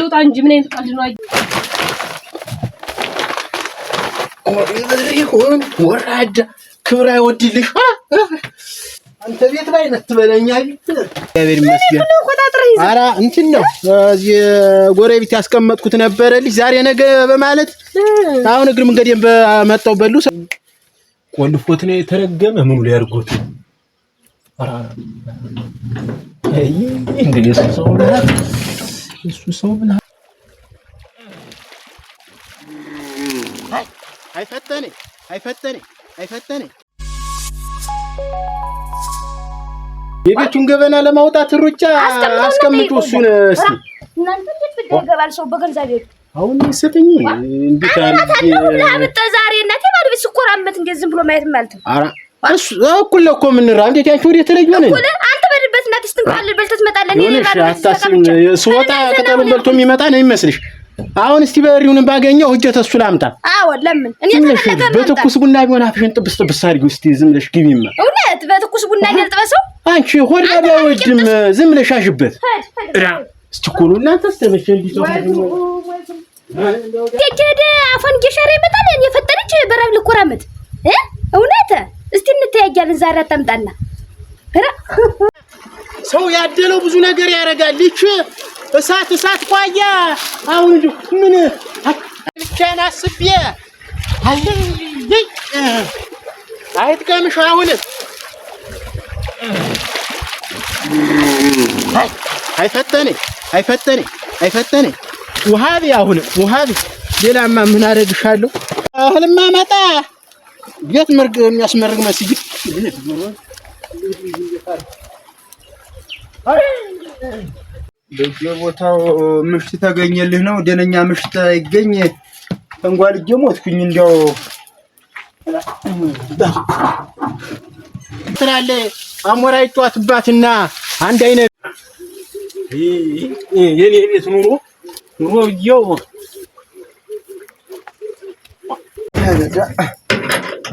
ልውጣ እንጂ ምን አይነት ቀልድ ነው? ይሁን ወራዳ አንተ ቤት ላይ ነህ እግዚአብሔር ይመስገን። ኧረ እንትን ነው እዚህ ጎረቤት ያስቀመጥኩት ነበረልሽ ዛሬ ነገ በማለት አሁን እግር መንገዴን በመጣው በሉ ቆልፎት ነው የተረገመ። ምኑ ሰው የእሱ ሰው ብለህ አይፈጠኔ አይፈጠኔ አይፈጠኔ የቤቱን ገበና ለማውጣት ሩጫ አስቀምጡ። እሱን እስኪ እናንተ ይገባል ሰው በገዛ አሁን ስጥኝ እንዴት ዛሬ ዝም ብሎ ማየት ማለት ነው። እኩል እኮ የምንራ እንዴት ያንቺ ወደ የተለዩ ነን አዲስ እንቁላል በልተህ ትመጣለህ። ስወጣ ቅጠሉን በልቶ የሚመጣ ነው የሚመስልሽ? አሁን እስቲ በሪውንም ባገኘው እጀ ተሱ ላምጣ። አዎ ለምን እኔ ተመለከተ በትኩስ ቡና ቢሆን አፍሽን ጥብስ ጥብስ አድርጊ እስቲ። ዝም ብለሽ ግቢማ፣ እውነት በትኩስ ቡና ያልጠበሰው አንቺ ሆድ ባይወድም ዝም ብለሽ አሽበት። እዳ እስቲ ኩሉ እናንተ ስተበሽ እንዲሰው ከከደ አፏን ጌሻሪ ይመጣል። እኔ ፈጠነች በራብ ልኮራመት እ እውነት እስቲ እንተያያለን ዛሬ አታምጣና ሰው ያደለው ብዙ ነገር ያደርጋል። ልጅ እሳት እሳት ቋያ አሁን ምን ልቻን አስቤ አይጥቀምሽ አሁን አይፈጠኔ አይፈተነኝ አይፈተነኝ ውሃቢ አሁን ውሃቢ ሌላማ ምን አደርግሻለሁ? እህልማ መጣ ቤት ምርግ የሚያስመርግ መስጊድ በየቦታው ምሽት ተገኘልህ ነው። ደነኛ ምሽት አይገኝ ተንጓልጄ ሞትኩኝ። እንዲያው ትላለ አሞራ ይጫወትባትና አንድ አይነት የኔ ቤት ኑሮ ኑሮ ብዬው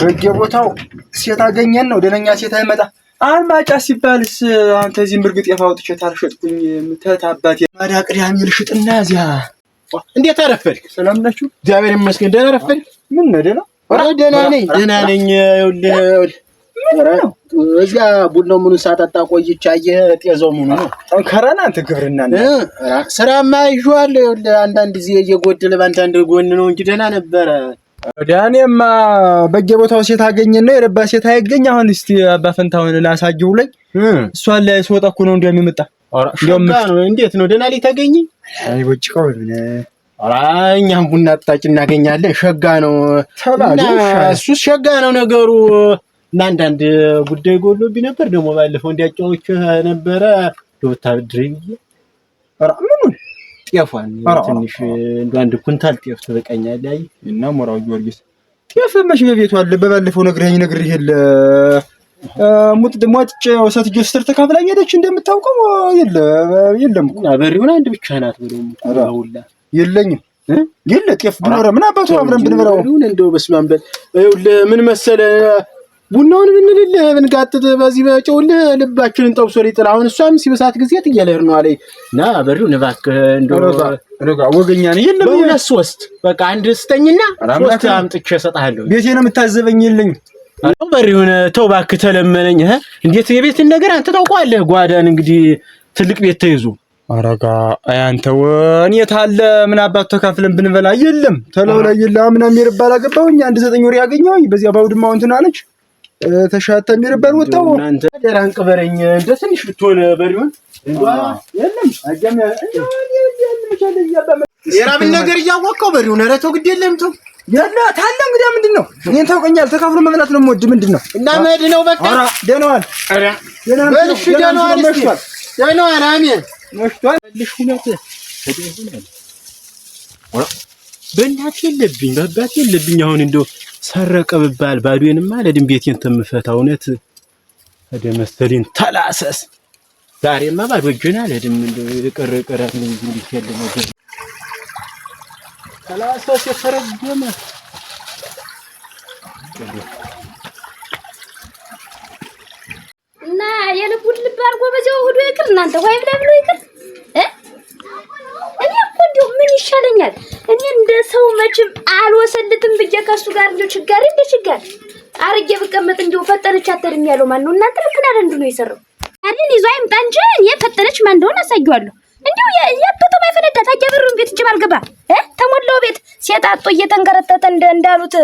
በየቦታው ሴት አገኘን ነው። ደነኛ ሴት አይመጣ አልማጫ ሲባልስ አንተ እዚህ ምርግጥ የፋውጥቼ ታልሸጥኩኝ ምተት አባቴ ማዳ ቅዳሜ ልሽጥና እዚያ እንዴት አረፈድክ? ሰላም ናችሁ? እግዚአብሔር ይመስገን። ደህና አረፈድክ? ምን ነው ደህና? ኧረ ደህና ነኝ፣ ደህና ነኝ። ይኸውልህ እዚያ ቡና ምኑን ሳጠጣ ቆይቼ አየህ ጤዘው ምኑ ነው ጠንከራን አንተ ግብርና ስራማ ይዤዋለሁ። ይኸውልህ አንዳንድ ጊዜ እየጎደለ በአንዳንድ ጎን ነው እንጂ ደህና ነበረ ዳኔማ በየቦታው ሴት አገኘና የረባ ሴት አይገኝ። አሁን እስቲ አባ ፈንታውን ላሳጅው ላይ እሷን ላይ ስወጣ እኮ ነው እንደውም የምመጣ እንዴት ነው ደህና ላይ ታገኝ? አይ ወጭቀው ምን እኛም ቡና አጣጭ እናገኛለን። ሸጋ ነው እሱስ ሸጋ ነው ነገሩ። እና አንዳንድ ጉዳይ ጎሎብኝ ነበር ደግሞ ባለፈው እንዲያጫዎች ነበረ ዶታ ድርኝ ጤፏን ትንሽ እንደው አንድ ኩንታል ጤፍ ትበቃኛለህ። አይ እና ሞራው ጊዮርጊስ ጤፍ መች በቤቱ አለ? በባለፈው ነግረኸኝ ነግሬህ የለ ሙጥ ድሟጭ ወሰት ጆስተር ተካፍላኝ ሄደች። እንደምታውቀው የለ የለም አበሪውን አንድ ብቻ ናት ብለው ሁላ የለኝም የለ ጤፍ ብኖረ ምን አባቱ አብረን ብንበላው እንደው በስመ አብ በል ምን መሰለ ቡናውን ብንልልህ ብንጋጥጥ በዚህ በጨውል ልባችንን ጠብሶ ሊጥል አሁን እሷም ሲበሳት ጊዜ ትያለር ነው አለ እና በሪው ንባክ ወገኛ ነው በሁለት ሶስት በቃ አንድ ስተኝና ሶስት አምጥቼ እሰጥሃለሁ። ቤቴ ነው የምታዘበኝ የለኝ በሪውን ተው እባክህ ተለመነኝ። እንዴት የቤትን ነገር አንተ ታውቀዋለህ። ጓዳን እንግዲህ ትልቅ ቤት ተይዞ አረጋ አያንተው እኔት አለ ምን አባቱ ተካፍለን ብንበላ የለም ተለው ላይ የለ ምን ይርባል አገባሁኝ አንድ ዘጠኝ ወር ያገኘው በዚያ ባውድማው እንትን አለች ተሻተ የሚርበር ወጣው ደራን ቅበረኝ እንደ ትንሽ ብትሆን በሪሆን የራብን ነገር እያወቀው በሪሆን ኧረ ተው ግድ የለም ተው ያለ ታለ እንግዲያ ምንድን ነው እኔን ታውቀኛል። ተካፍሎ መብላት ነው የምወድ ምንድን ነው እና መድ ነው በቃ ደነዋል ደህናዋል ኧረ ደህናዋል እሺ መሽቷል ደህናዋል አሜን መሽቷል ልሽ ሁለት በእናት የለብኝ በአባት የለብኝ አሁን እንደው ሰረቀ ብባል ባዶዬንማ ለድም ቤቴን ተምፈታ እውነት ደመስተሊን ተላሰስ ዛሬማ ባዶ እጄን አልሄድም። እንደው የቀረ ይቀራል እንዲህ ያለ ነገር ተላሰስ የተረገመ እና የልቡን ልብ አድርጎ በዚያው ሆዶ ይቅር እናንተ ወይ ከሱ ጋር እንደው ችጋር እንደ ችጋር አርጌ ብቀመጥ እንደው ፈጠነች አተርም ያለው ማን ነው? እናንተ ልክ ናለ ነው የሰራው ያንን ይዞ አይምጣ እንጂ የፈጠነች ማን እንደሆነ አሳየዋለሁ። እንደው ያበጠው ማይፈነዳ ታዲያ ብሩን ቤት እንጂ አልገባ እ ተሞላው ቤት ሲያጣጦ እየተንከረተተ እንዳሉት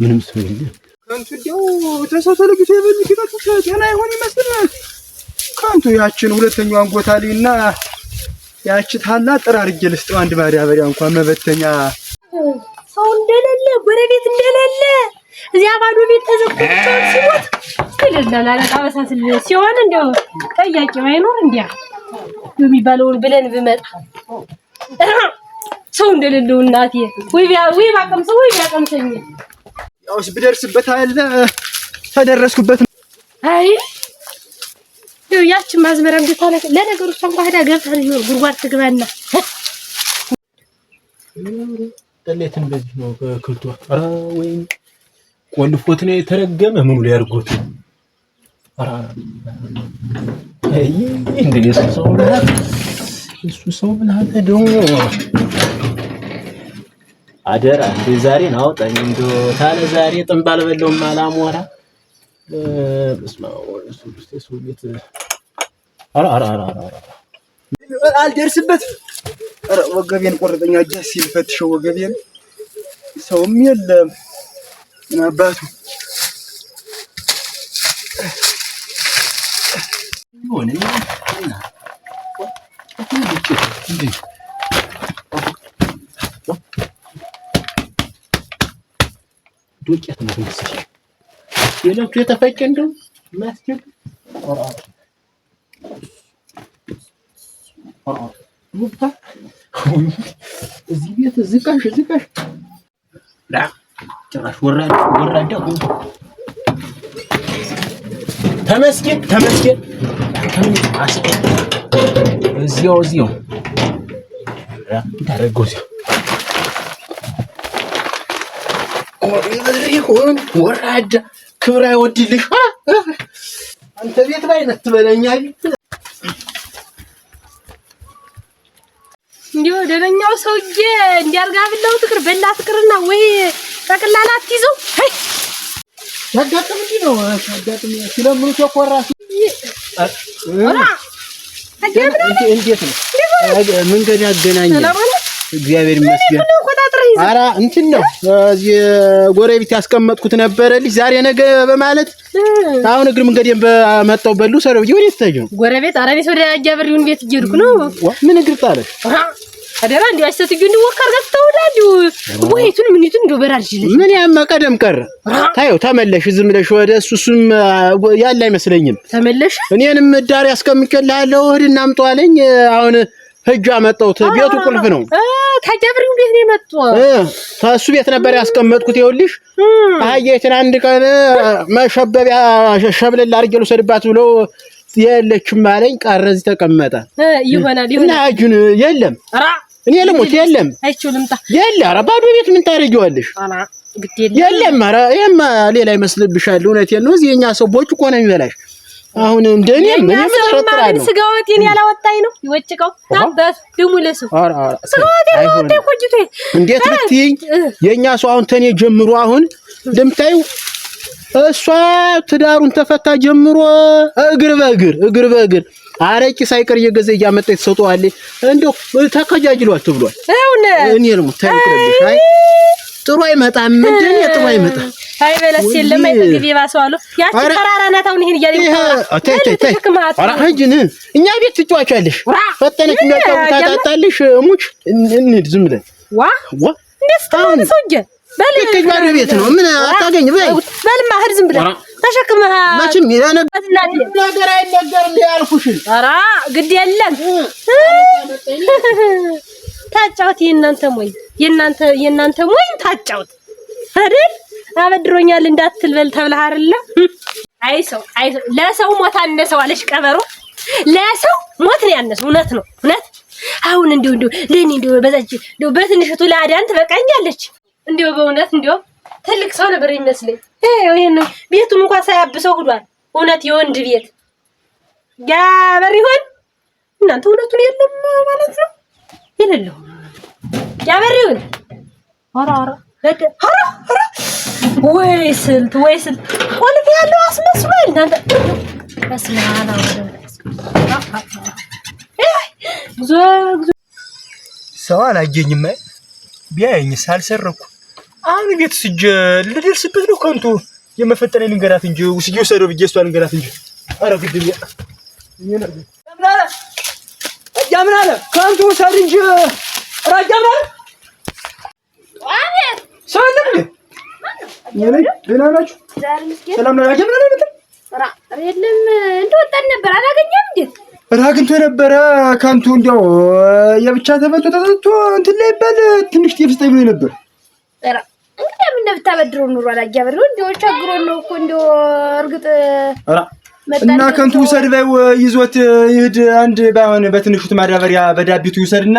ምንም ሰው የለም። አንተ እንደው ተሰው ተለግቶ የበል ኪታቱ ጤና አይሆን ይመስልሃል? ከንቱ ያችን ሁለተኛዋን ጎታ ላይና ያቺ ታላ ጥራ አድርጌ ልስጠው አንድ ማዳበሪያ እንኳን መበተኛ ሰው እንደሌለ ጎረቤት እንደሌለ እዚያ ባዶ ቤት ተዘግቶ ሲሞት ይልላል አለቃ በሳስል ሲሆን እንደው ጠያቂ ባይኖር እንዲያ የሚባለውን ብለን ብመጣ ሰው እንደሌለው እናቴ ወይ ቢያ ወይ ባቀምሰው ወይ ቢያቀምሰኝ ያውስ ብደርስበት አለ ተደረስኩበት አይ ያችን ማዝመራ እንድታለቅ ለነገሩ እሷ እንኳን ሄዳ ገብታ ይሆን ጉድጓድ ትግባና ጠሌት እንደዚህ ነው። በክልቷ ኧረ ወይም ቆልፎት ነው የተረገመ ምኑ ሊያድርጎት እሱ ሰው ብልሃት ደግሞ አደራ ዛሬን አውጣኝ እንደ ታለ ዛሬ ጥንብ አልበለውም አላሞራ አልደርስበትም። ወገቤን ቆረጠኛ እጃ ሲል ፈትሸው ወገቤን ሰውም የለም። አባቱ ዶቄት ነው። ሌሎቹ የተፈጨ እንደው መስጂድ ቆርአት ቆርአት ውጣ እዚህ ቤት ዝቃሽ ዝቃሽ ዳ ጭራሽ ወራዳ ወራዳ ተመስገን ተመስገን እዚያው እዚያው ታረገው እዚያው ወራዳ ክብር አይወድልሽ። አንተ ቤት ላይ ነህ ትበለኛል። እንዲሁ ደነኛው ሰውዬ እንዲያርጋ ብለው ትቅር በላ ትቅርና ወይ ጠቅላላ አትይዘው ያጋጥም እንዲ ነው ያጋጥም ሲለምኑ ተኮራ እንዴት ነው መንገድ ያገናኘ እግዚአብሔር ይመስገን። ኧረ እንትን ነው እዚህ ጎረቤት ያስቀመጥኩት ነበረልሽ ዛሬ ነገ በማለት አሁን እግር መንገዴን በመጣው በሉ ሰረብ ይሁን ይስተዩ ጎረቤት ኧረ እኔስ ወደ አጃብሪውን ቤት እየሄድኩ ነው። ምን እግር ጣለ አደራ እንዲ አስተትዩ እንዲ ወካር ገብተውላ እንዲ ወይቱን ምን ይቱን እንደው በራልሽ ምን ያማ ቀደም ቀረ ታየው ተመለሽ ዝም ብለሽ ወደ እሱ እሱም ያለ አይመስለኝም። ተመለሽ እኔንም ዳር ያስቀምጬልሃለሁ እህድ እናምጠዋለኝ አሁን ህጅ አመጣሁት። ቤቱ ቁልፍ ነው። ታጃብሪው እንዴት ነው የመጣው። እሱ ቤት ነበር ያስቀመጥኩት። ይኸውልሽ አህያይትን አንድ ቀን መሸበቢያ ሸብለል አድርጌ ልውሰድባት ብሎ የለችም አለኝ። ቀረ እዚህ ተቀመጠ። ይሆናል ይሆናል። እና አጁን የለም፣ እኔ ልሙት የለም፣ የለ። ኧረ ባዶ ቤት ምን ታደርጊዋለሽ? የለም። ኧረ ይሄማ ሌላ ይመስልብሻል። እውነቴን ነው። እዚህ የኛ ሰው ቦጭ እኮ ነው የሚበላሽ አሁን እንደኔ ምን ያመጣራ ነው? ስጋው ወጤን ያላወጣኝ ነው ይወጭቀው ታበስ ድሙ ለሱ እንዴት ልትይኝ? የኛ ሰው አሁን ተኔ ጀምሮ አሁን እንደምታዩ እሷ ትዳሩን ተፈታ ጀምሮ እግር በእግር እግር በእግር አረቂ ሳይቀር እየገዛ እያመጣ የተሰጠዋለች። እንደው ተከጃጅሏል ትብሏል። እኔ ነው ጥሩ አይመጣም። ምንድን ጥሩ አይመጣም አይ በለስ የለም አይጠግብ የባሰው አሉ። ያቺ ተራራ ናት። አሁን ይሄን እያለኝ እኛ ቤት ትጫዋቻለሽ። ፈጠነች የሚያጫውታ ታጣለሽ። ሙች እንሂድ ዝም ብለን ዋ ቤት ነው ምን አታገኝ በልማ ሂድ ዝም ብለን መቼም ታጫውት የእናንተ ሞኝ የእናንተ ሞኝ ታጫውት አይደል አበድሮኛል እንዳትል በል ተብለህ አይደለ? አይ ሰው አይ ሰው ለሰው ሞት አነሰው አለሽ ቀበሮ። ለሰው ሞት ነው ያነሰው። እውነት ነው እውነት። አሁን እንዲሁ እንዲሁ ለኔ እንዲሁ በዛች እንዲሁ በትንሽቱ ለአዳን ትበቃኛለች። እንዲሁ በእውነት እንዲሁ ትልቅ ሰው ነበር ይመስለኝ። ይሄን ቤቱን እንኳን ሳያብሰው ሂዷል። እውነት የወንድ ቤት ጋበር ይሆን እናንተ? እውነቱን የለም ማለት ነው የሌለው ጋበር ይሆን ኧረ ኧረ ወይ ስልት ወይ ስልት ቁልፍ ያለው አስመስሏል። ሰው አላየኝም። ቢያየኝስ አልሰረኩ። አሁን ቤት ስጀ ልደርስበት ነው። ከንቱ የመፈጠነ ልንገራት እንጂ ውስዬ ወሰደው ብዬ እሷ ልንገራት እንጂ ኧረ ግድም ያ ምን አለ ከንቱ ውሰድ እንጂ ራጃ ምን አለ አግኝቶ የነበረ ከንቱ እንዲያው የብቻ ተፈቶ ተሰጥቶ እንትን ላይ ይባል ትንሽ ጤፍ ስጠኝ ብሎ ነበር። እንግዲህ ምን ብታበድረው ኑሮ እንዲያው ነው እኮ እንዲያው እርግጥ እና ከንቱ ውሰድ ይዞት ይሂድ። አንድ ባይሆን በትንሹት ማዳበሪያ በዳቢቱ ይውሰድና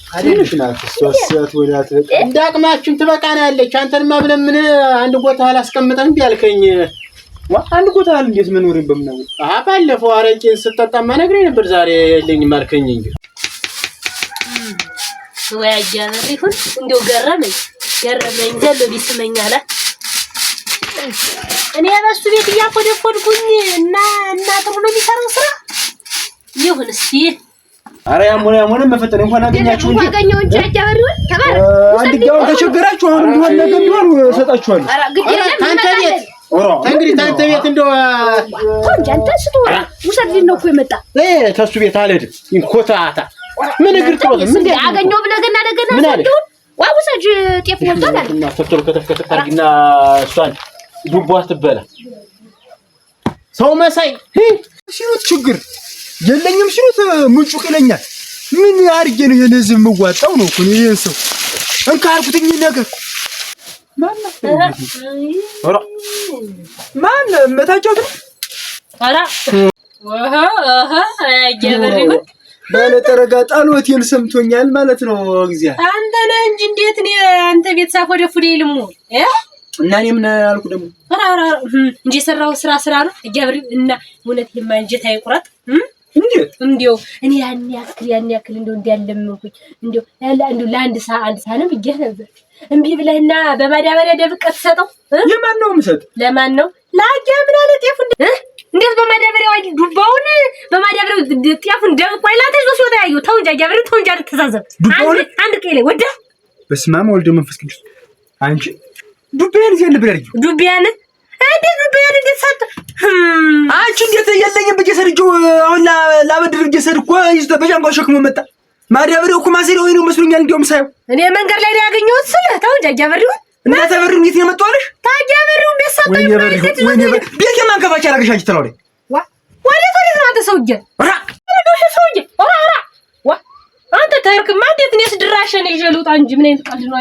ትንሽ ናት ሶስት ወዳት እንደ አቅማችን ትበቃና አንተንማ ብለን ምን አንድ ቦታ አላስቀምጠን እንዴ አልከኝ። አንድ ቦታ አለ እንዴት መኖሪን በምናው አሃ ባለፈው አረቄን ስጠጣማ ነግሬ ነበር። ዛሬ የለኝም ማልከኝ እንጂ ወይ አጃነሪ ሁን እንደው ገረመኝ ገረመኝ ዘሎ ቢስመኛላ እኔ በሱ ቤት እያኮደኮድኩኝ እና እና ጥሩ ነው የሚሰራው ስራ ይሁን እስቲ አረ ያም ሆነ ያም ሆነ መፈጠን እንኳን አገኛችሁ እንጂ አገኘው እንጂ አጃበሪውን ተባረ አንድ ጋውን ተቸገራችሁ። አሁን እንደሆነ ነገር ቢሆን እሰጣችኋለሁ። አረ ግድ ግዴታ ታንተ ቤት እንግዲህ ታንተ ቤት እንደው እንጂ አንተ ስትወራ ውሰድ ነው እኮ የመጣ እ ተሱ ቤት አልሄድም። ይንኮታታ ምን እግር ጥሎት ምን እንደ አገኘው ብለህ ገና ለገና ሰደውን ዋ ውሰጅ ጤፍ ሞልቷል አለ እና ተፍተሩ ከተፈከተ ታርግና እሷን ዱቧ ትበላ ሰው መሳይ ችግር የለኝም ሲሉት ምንጩቅ ይለኛል። ምን አድርጌ ነው የነዚህ ህዝብ የምዋጣው? ነው እኮ ይህን ሰው እንካ አልኩትኝ ነገር ማን መታጫት ነው ባለጠረጋ ጣሎቴን ሰምቶኛል ማለት ነው። እግዚአብሔር አንተ ነህ እንጂ እንዴት እኔ አንተ ቤተሰብ ወደ ፉዴ ልሙ እና እኔ ምን አልኩ ደግሞ እንጂ የሰራው ስራ ስራ ነው። እግዚአብሔር እና እውነት የማንጀት አይቁረጥ እንዲያው እኔ ያን ያክል ያን ያክል እንደው እንዲያለምንኩኝ እንደው ለአንዱ ለአንድ ሳ አንድ ሳንም ብዬሽ ነበር። እምቢ ብለህና በማዳበሪያ ደብቀህ ትሰጠው። ለማን ነው የምሰጥ? ለማን ነው ለአጃ ምን አለ ጤፉ እንዴት በማዳበሪያው አይደል ዱባውን በማዳበሪያው ጤፉን ደብቆ አይላተ ይዞ ሲወጣ ያየው። ተው እንጂ አጃብሬ ተው እንጂ አልተዛዘብ። አንድ ቀይ ላይ ወደ በስመ አብ ወልድ መንፈስ ቅዱስ አንቺ ዱባያን እዚህ አለ ብለህ እንዴት ዱባያን እንዴት ሰጠ አንቺ ላበድ ድርጅት ስሄድ እኮ ይዞ በጫንቋ ሸክሞ መጣ። ማዳበሪያው እኮ ማሰሪያ ወይ ነው መስሎኛል። እንዲያውም ሳየው እኔ መንገድ ላይ ነው ስለ ታው ጃጃበሪው እና ታበሪው እንዴት ነው መጣለሽ? ታጃበሪው ደሳጣይ ማለት ነው። አንተ ሰውዬ ራ ሰውዬ ራ ራ ዋ አንተ ተርክማ እንዴት እኔስ ይዤ ልውጣ እንጂ ምን አይነት ቀልድ ነው?